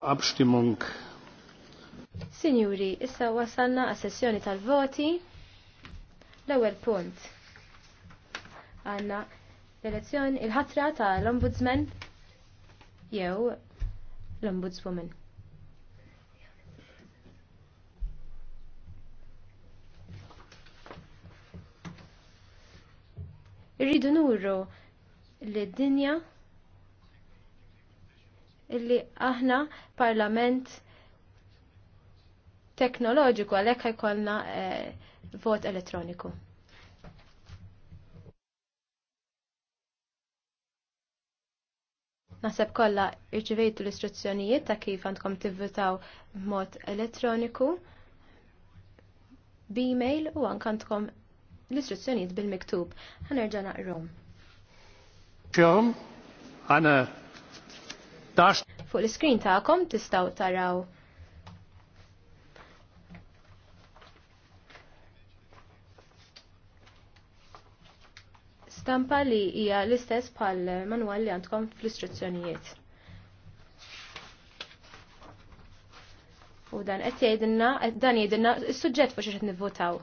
Abstimmung. Signori, issa wasalna għas sessjoni tal-voti. L-ewwel punt. Anna l-elezzjoni il-ħatra tal-Ombudsman jew l-Ombudswoman. Irridu nuru l-dinja illi aħna parlament teknoloġiku għalhekk ħajkollna eh, vot elettroniku. Naħseb kollha irċivejtu l-istruzzjonijiet ta' kif għandkom tivvitaw b'mod elettroniku b-mail u anke għandkom l-istruzzjonijiet bil-miktub. Ħanerġa' naqrom. Ġom, għana 16. Fuq l-iskrin ta'kom tistaw taraw stampa li hija l-istess bħal manwal li għandkom fl-istruzzjonijiet. U dan qed jgħidilna, dan jgħidilna s-suġġett fuq xi qed nivvutaw.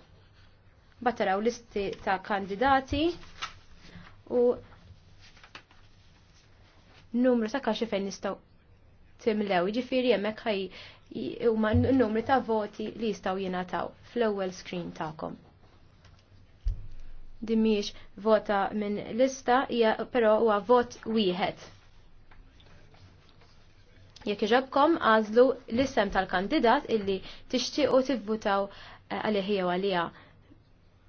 Bataraw listi ta' kandidati u numru ta' kaxi fejn nistgħu timlew, ġifiri jemmek ħaj huma n-numri ta' voti li jistaw jinataw fl-ewwel screen ta'kom. Dimmiex vota minn lista, ja, pero huwa vot wieħed. Jekk iġabkom għażlu l-isem tal-kandidat illi tixtiequ tivvutaw eh, għalih jew għalija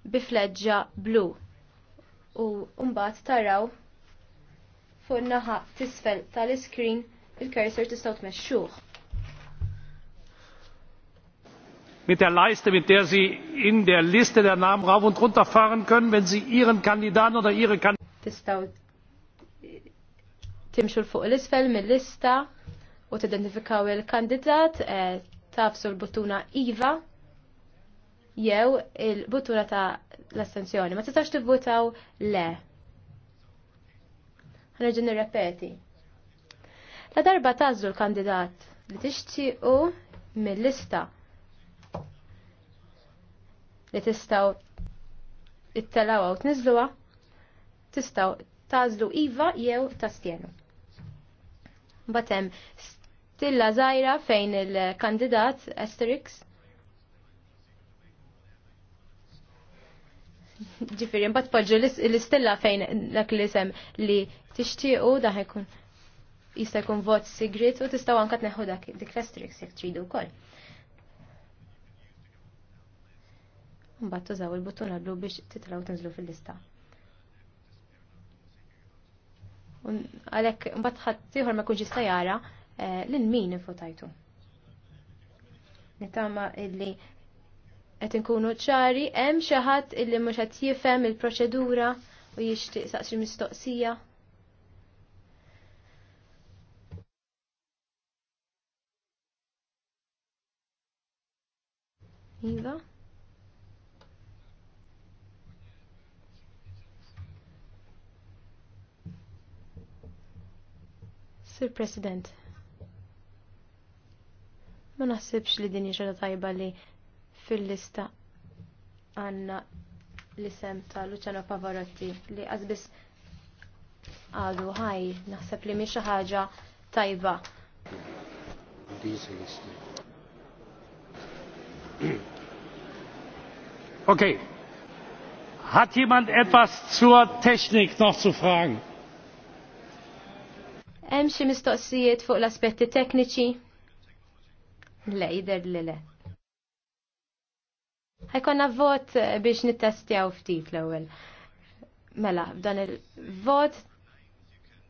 bi blu u mbagħad taraw fuq naħa tisfel tal-iskrin il-cursor tistgħu tmexxuh. Mit der Leiste, mit der Sie in der Liste der Namen rauf und runter fahren können, wenn Sie Ihren Kandidaten oder Ihre Kandidaten. fuq l-isfel mill-lista u il-kandidat eh, tafsu l-buttuna IVA jew il-buttuna ta' l-astensjoni. Ma tistax tivvutaw le. Ħanerġa' nirrepeti. La darba tażlu l-kandidat li tixtiequ mill-lista li tistaw it-telawa u t-nizluwa, tistaw tażlu iva jew tastjenu. Batem, stilla zaħira fejn il-kandidat Asterix Ġifiri, mbatt poġġu l-istella fejn dak li sem li tixtiequ daħ ikun jista' jkun vot sigrit u tistgħu anke tneħħu dak dik l-asterix jekk tridu wkoll. Mbagħad tużaw il-buttun għallu biex titlgħu tinżlu fil-lista. Għalhekk mbagħad ħadd ieħor ma jkunx jista' jara eh, lil min ifotajtu. Nitama illi qed inkunu ċari, hemm xi ħadd illi mhux qed jifhem il-proċedura u jixtieq saqsi mistoqsija. Iva. Sir President, ma naħsibx li din xi tajba li fil-lista għanna l-isem ta' Luciano Pavarotti li għazbis għadu ħaj, naħseb li miex ħaġa tajba. Ok, Hat jemand etwas zur Technik noch zu fragen? Hemm xi mistoqsijiet fuq l-aspetti tekniċi? Le, jider li le. Ħajkonna vot eh, biex nittestjaw ftit l-ewwel. Mela, b'dan il-vot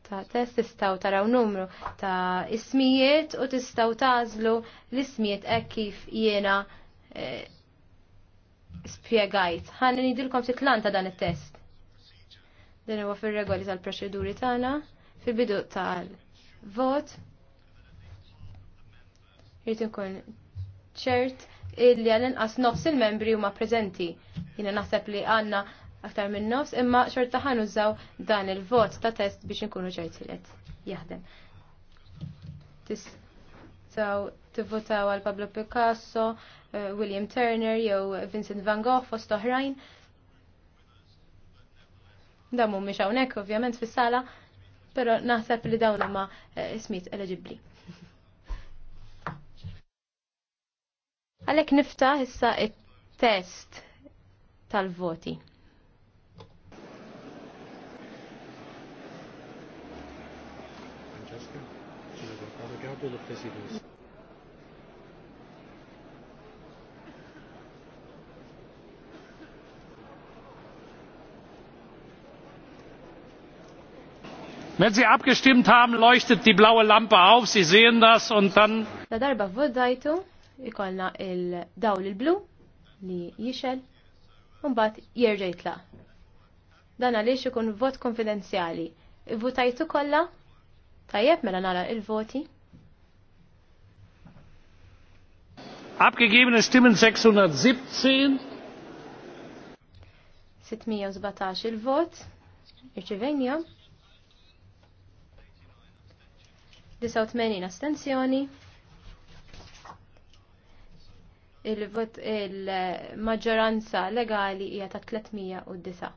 ta' test tistaw taraw numru ta' ismijiet u tistaw tażlu l-ismijiet hekk kif jiena eh, spjegajt. Ħan nidilkom titlan ta' dan it-test. Dan huwa fir-regoli tal-proċeduri tagħna fil-bidu tal-vot. Jrid inkun ċert illi għal-inqas nofs il-membri huma preżenti. Jiena naħseb li għandna aktar minn nofs, imma xorta ħan użaw dan il-vot ta' test biex nkunu ċerti li jaħdem. Tistaw tivvotaw għal Pablo Picasso, eh, William Turner, jew Vincent Van Gogh fost oħrajn. Damu mhumiex hawnhekk ovvjament fis-sala, però naħseb li dawn huma eh, ismijiet eligibbli. Għalek nifta issa il-test tal-voti. Wenn Sie abgestimmt haben, leuchtet die blaue Lampe auf. Sie sehen das und dann. Da darba wo votdajtu, ikollna il-dawl il-blu li jixel mbagħad jerġa' jitlaq. Dan għaliex ikun vot konfidenzjali. Votajtu kollha? Tajjeb mela nara il-voti. Abgegebene Stimmen 617. 617 il-vot. Irċivenja. 89 astenzjoni il-maġġoranza il legali hija ta' 309.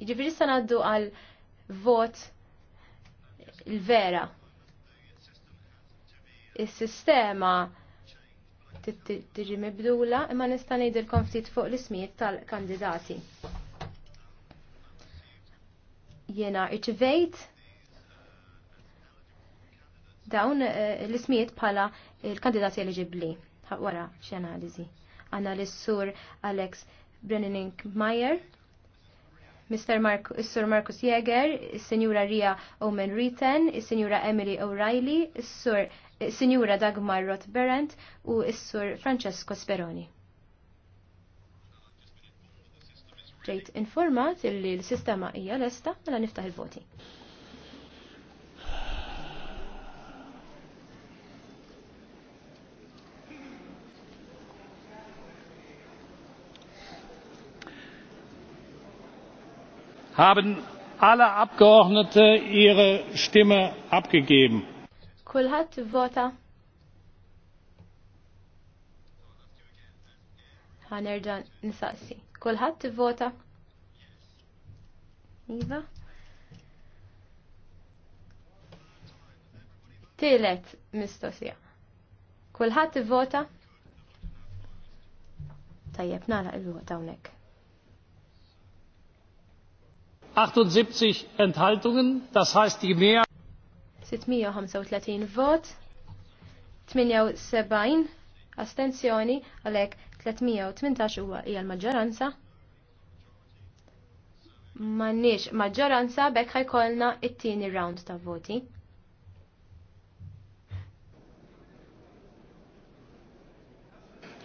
Jiġifieri sa ngħaddu għal vot il-vera. Is-sistema tiġi mibdula imma nista' ngħidilkom ftit fuq l-ismijiet tal-kandidati. Jena irċivejt dawn eh, l-ismijiet bħala il-kandidati eligibli wara xi analiżi. Għandna l-sur Alex Brennink Meyer, Mr. Marcus, sur Marcus Jäger, senjura Ria Omen Riten, Sinjura Emily O'Reilly, Sir eh, Sinjura Dagmar Roth Berendt u Issur Francesco Speroni. Ġejt informat illi l-sistema hija lesta mela niftaħ il-voti. haben alle Abgeordnete ihre Stimme abgegeben. Kulħadd vota. Ħanerġa' nisaqsi. Iva. Tajjeb nara l-vota unek. 78 enthaltungen das heißt die mehr. 635 vot 78 astenzjoni għalhekk 318 huwa hija l-maġġoranza Manniex maġġoranza bekk ħajkolna it-tieni round ta' voti.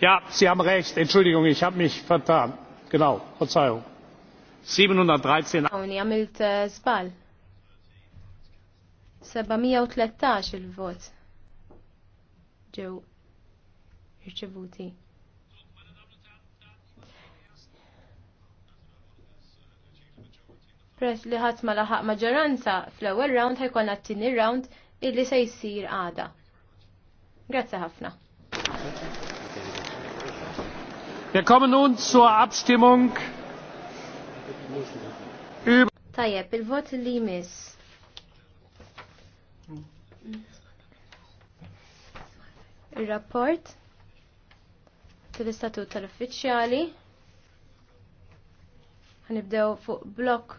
Ja, Sie haben recht. Entschuldigung, ich habe mich vertan. Genau, Verzeihung. 713. Għawni għamilt zbal. Eh, 713 il-vot ġew irċevuti. Press li ħadd ma laħaq maġġoranza fl-ewwel round ħajkolna t-tieni round illi se jsir għada. Grazzi ħafna. Wir kommen nun zur Abstimmung Tajjeb, il-vot li jmiss. Il-rapport tal-istatut tal-uffiċjali. Ħanibdew fuq blok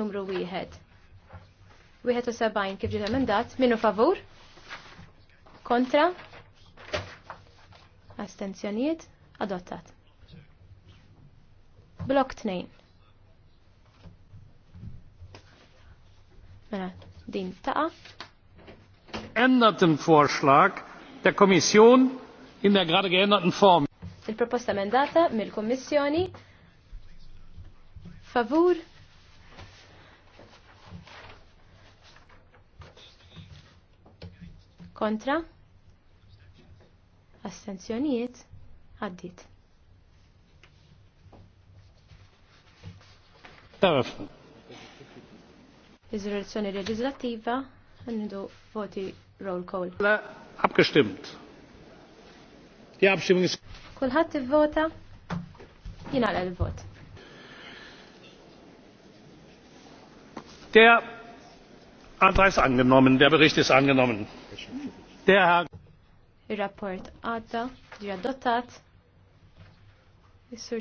numru 1. 71 kif ġiet emendat, minnu favur? Kontra? Astenzjonijiet? Adottat. Blok 2. Mela, din taqa. Änderten Vorschlag der Kommission in der gerade geänderten Form. Il-proposta mandata mill-Kommissjoni favur kontra astenzjonijiet għaddit. Eröffnet. Iżoluzzjoni leġislattiva għandu voti roll call. La, abgestimmt. Die Abstimmung ist... hat die Vota? jingħalaq il-vot. Der Antrag ist angenommen, der Bericht ist angenommen. Der Herr Il-rapport ata, di adottat. Il sur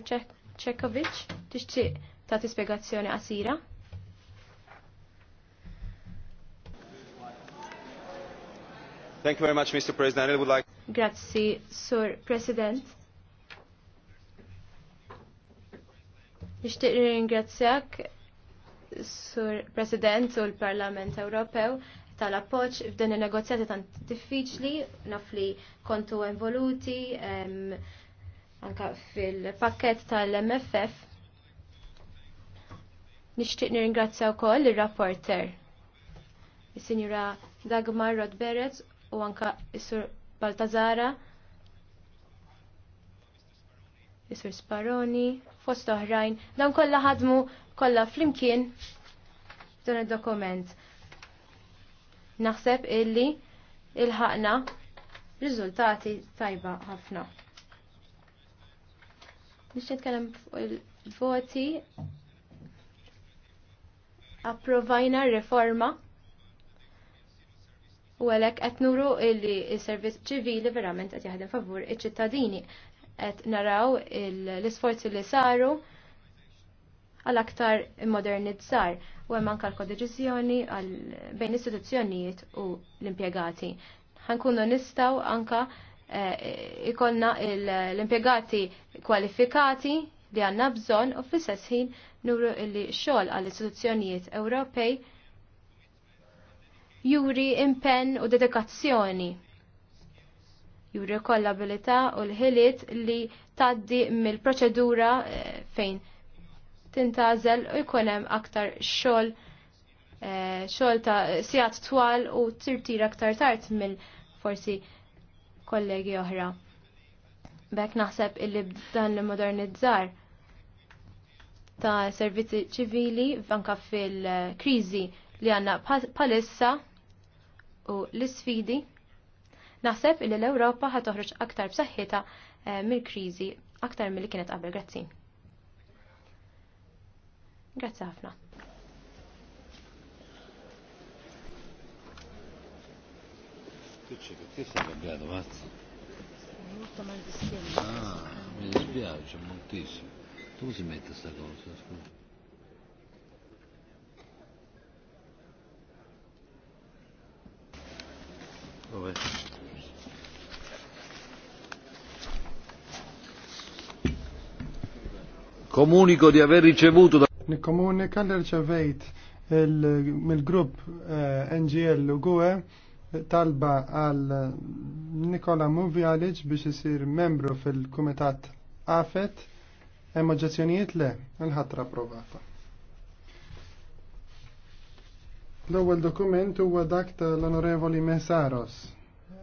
Cekovic tixtieq tagħti spjegazzjoni qasira. Thank you very much, Mr. President. I would like... Grazzi, Sur President. Nishtiq ringrazzjak, Sur President, u l-Parlament Ewropew tal-appoċ f'din il-negozjati tant diffiċli, naf li kontu involuti anka fil-pakket tal-MFF. Nishtiq nirringrazzja wkoll ir rapporter is-Sinjura Dagmar Rodberez u anka is-Sur Baltazara, is-Sur Sparoni, fost oħrajn, dan kollha ħadmu kollha flimkien dan id-dokument. Naħseb illi ilħaqna riżultati tajba ħafna. Nix nitkellem il-voti approvajna riforma u għalek qed nuru illi s-servizz ċivili verament qed jaħdem favur iċ-ċittadini. Qed naraw l-isforzi li saru għal aktar modernizzar u hemm anke l-kodeċiżjoni bejn istituzzjonijiet u l-impjegati. Ħankunu nistgħu anka eh, ikolna l-impjegati kwalifikati li għanna bżon u fl ħin nuru illi xogħol għall istituzzjonijiet Ewropej juri impenn u dedikazzjoni. Juri kollabilità u l-ħiliet li taddi mill-proċedura eh, fejn tintażel u jkun hemm aktar xogħol eh, xogħol ta' sijat twal u tirtir aktar tard mill forsi kollegi oħra. Bek naħseb illi dan li modernizzar ta' servizzi ċivili fanka fil-krizi eh, li għanna palissa u l-sfidi, naħseb li l-Ewropa ħat toħroġ aktar b'saħħitha eh, mill-kriżi aktar mill-li kienet qabel. Grazzi. Grazzi ħafna. Ah, mi dispiace moltissimo. Tu si metti sta cosa, scusa. Comunico di aver ricevuto da... Nikkomunika li rċevejt mill-grupp eh, NGL Lugue talba għal Nikola Muvjalic biex isir membru fil-Kumitat AFET hemm oġġezzjonijiet le il-ħatra provata. L-ewwel dokument huwa dak tal-Onorevoli Mesaros.